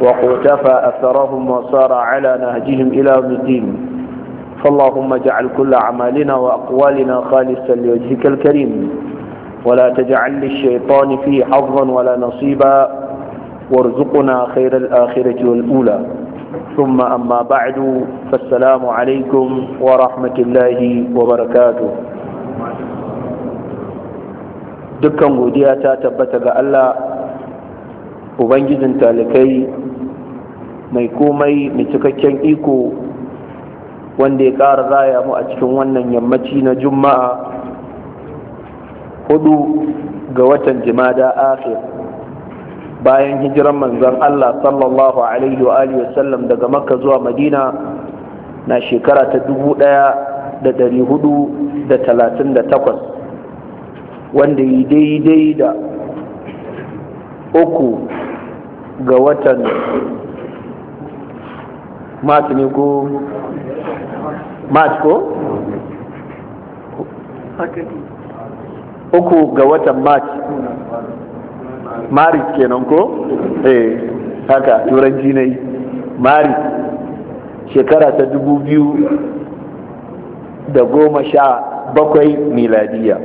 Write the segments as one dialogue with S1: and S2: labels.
S1: وقتفى أثرهم وصار على نهجهم إلى يوم الدين فاللهم اجعل كل أعمالنا وأقوالنا خالصا لوجهك الكريم ولا تجعل للشيطان فيه حظا ولا نصيبا وارزقنا خير الآخرة والأولى ثم أما بعد فالسلام عليكم ورحمة الله وبركاته دكا وديا تتبت الله ubangijin talikai mai komai mai cikakken iko wanda ya ƙara zaya mu a cikin wannan yammaci na juma'a hudu ga watan jimada akhir bayan hijiran manzon Allah sallallahu alaihi wa sallam daga makka zuwa madina na shekara ta dubu ɗaya da dari hudu da talatin da takwas wanda yi daidai da uku ga watan mars ne ko mars ko uku ga watan mars maris kenan ko eh haka turanci ne maris shekara ta dubu biyu da goma sha bakwai miladiya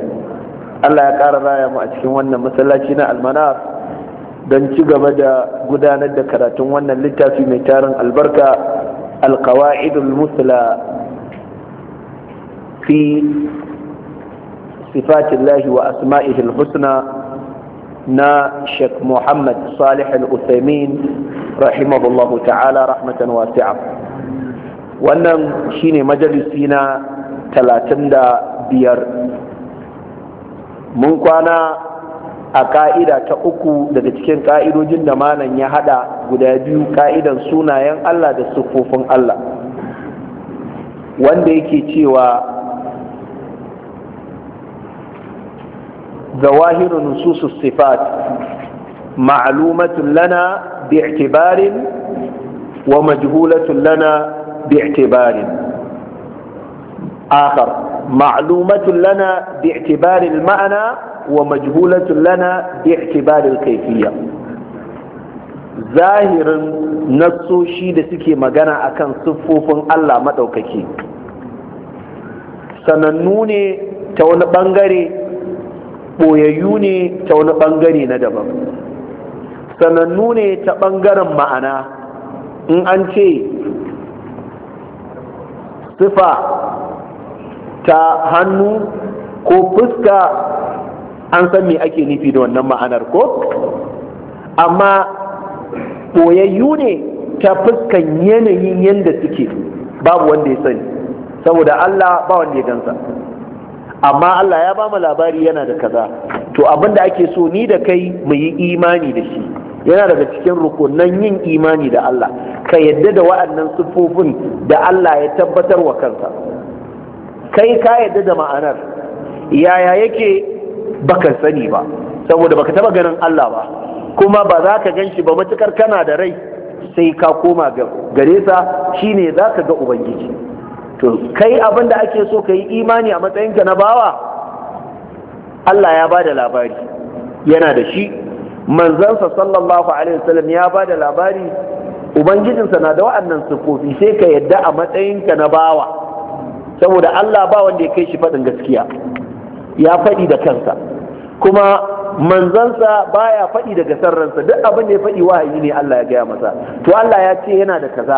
S1: allah ya ƙara raya mu a cikin wannan masallaci na almanar don ci gaba da gudanar da karatun wannan littafi mai tarin albarka alkawa'idul musula fi sifatillahi wa asma'ihil husna na sheikh muhammad salih al-uthaymin rahimahullahu ta'ala rahmatan wasi'a wannan shine majalisi na talatin da biyar mun kwana a ka'ida ta uku daga cikin ka'idojin da malam ya hada guda biyu ka'idan sunayen Allah da siffofin Allah wanda yake cewa zawahiru nususu sifat ma'lumatun lana bi'tibarin wa majhulatun lana bi'tibarin akhar ma'lumatun lana bi'tibarin ma'ana wa majhulatun lana bi i'tibaril kayfiyya zahirin nasoshi da suke magana akan siffofin Allah madaukaki sanannu ne ta wani bangare boyayyu ne ta wani bangare na daban sanannu ne ta bangaren ma'ana in an ce sifa ta hannu ko fuska an san me ake nufi da wannan ma'anar ko amma ɓoyayyu ne ta fuskan yanayin yadda suke babu wanda ya sani saboda Allah ba wanda ya gansa amma Allah ya ba mu labari yana da kaza to abin da ake so ni da kai mu yi imani da shi yana daga cikin rukunan yin imani da Allah ka yadda da wa'annan siffofin da Allah ya tabbatar wa kansa kai ka yadda da ma'anar yaya yake baka sani ba saboda baka taba ganin Allah ba kuma ba za ka shi ba matukar kana da rai sai ka koma gare sa shine za ka ga ubangiji to kai abin da ake so ka yi imani a matsayinka na bawa Allah ya ba da labari yana da shi manzansa sallallahu alaihi wasallam ya ba da labari ubangijinsa na da wa'annan sufofi sai ka yadda a matsayinka na bawa saboda Allah ba wanda ya kai shi faɗin gaskiya ya faɗi da kansa kuma manzansa baya faɗi daga sarransa duk abin da ya faɗi wahayi ne Allah ya gaya masa to Allah ya ce yana da kaza